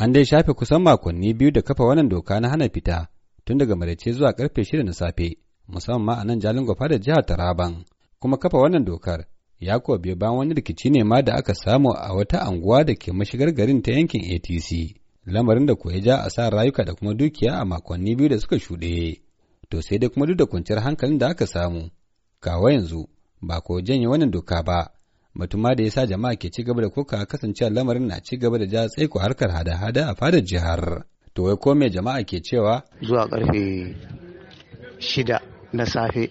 An dai shafe kusan makonni biyu da kafa wannan doka na hana fita tun daga marice zuwa karfe shida na safe musamman ma a nan Jalin Gwafa da jihar Taraban. Kuma kafa wannan dokar ya kuwa biyo bayan wani rikici ne ma da aka samu a wata anguwa da ke mashigar garin ta yankin ATC. Lamarin da kuwa ya ja a sa rayuka da kuma dukiya a makonni biyu da suka shuɗe. To sai dai kuma duk da kwanciyar hankalin da aka samu. Kawa yanzu ba ko janye wannan doka ba. batun ma da ya sa jama'a ke ci gaba da kuka kasancewa lamarin na ci gaba da ja tsaiko harkar hada-hada a fadar jihar to wai ko me jama'a ke cewa zuwa karfe shida na safe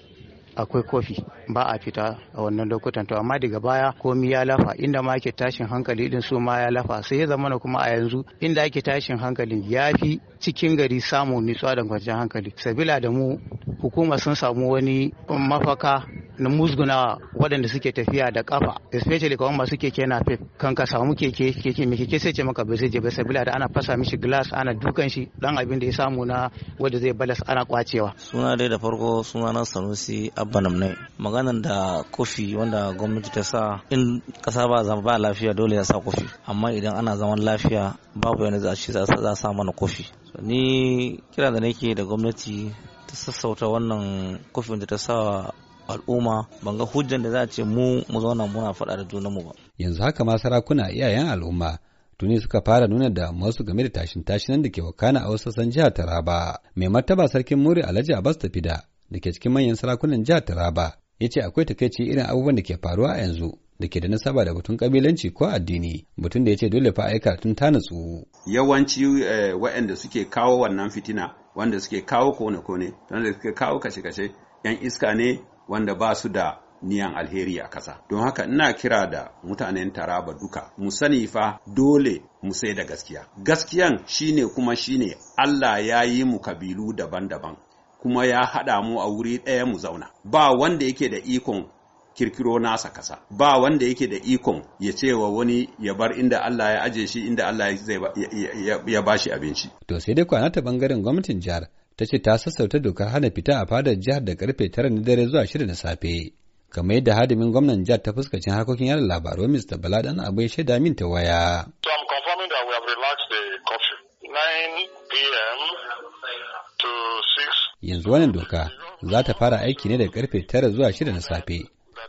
akwai kofi ba a fita a wannan lokutan to amma daga baya komi ya lafa inda ma ake tashin hankali din su ma ya lafa sai ya zama na kuma a yanzu inda ake tashin hankalin ya fi cikin gari samun nutsuwa da kwanciyar hankali sabila da mu hukuma sun samu wani mafaka na musguna waɗanda suke tafiya da ƙafa especially kawai masu keke na fef kan ka samu keke keke mai keke sai ce maka bai zai je ba sabila da ana fasa mishi glass ana dukan shi dan abin da ya samu na wanda zai balas ana kwacewa suna dai da farko suna na sanusi abba Namne maganan da kofi wanda gwamnati ta sa in kasa ba zama ba lafiya dole ya sa kofi amma idan ana zaman lafiya babu yana za a sa mana kofi ni kira da nake da gwamnati ta sassauta wannan kofin da ta sa al'umma ban ga hujjan da za a ce mu mu zauna muna faɗa da junanmu ba yanzu haka ma sarakuna iyayen al'umma tuni suka fara nuna da masu game da tashin tashinan da ke wakana a wasu sassan jihar Taraba. Mai martaba sarkin Muri Alhaji Abbas Tafida da ke cikin manyan sarakunan jihar Taraba ya ce akwai takaici irin abubuwan da ke faruwa a yanzu da ke da nasaba da batun kabilanci ko addini batun da ya ce dole fa aika tun ta natsu. Yawanci eh, waɗanda suke kawo wannan fitina wanda suke kawo kone-kone wanda suke kawo kashe-kashe 'yan iska ne wanda ba su da niyan alheri a ƙasa don haka ina kira da mutanen taraba duka mu sani fa dole mu sai da gaskiya gaskiyan shine kuma shine allah ya yi mu kabilu daban-daban kuma ya haɗa mu a wuri ɗaya mu zauna ba wanda yake da ikon kirkiro nasa kasa ba wanda yake da ikon ya ce wa wani ya bar inda Allah ya aje shi inda Allah ya bashi abinci to sai dai kwana ta bangaren gwamnatin jihar ta ce ta sassauta dokar hana fita a fadar jihar da karfe tara na dare zuwa shida na safe kamar yadda hadimin gwamnan jihar ta fuskacin harkokin yada labaru Mr. Bala dan abai shaida min ta waya. Yanzu wannan doka za ta fara aiki ne da karfe tara zuwa shida na safe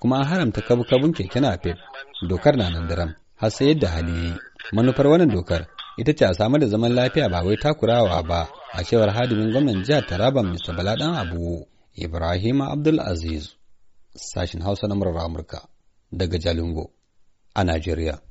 kuma an haramta kabu-kabun keke napep dokar na nan daram har sai yadda hali manufar wannan dokar ita ce a samar da zaman lafiya ba wai takurawa ba a cewar hadimin gwamnan jihar Taraba Mr. Bala ɗan Abu Ibrahim Abdul Aziz sashin Hausa na murar Amurka daga Jalingo a Najeriya.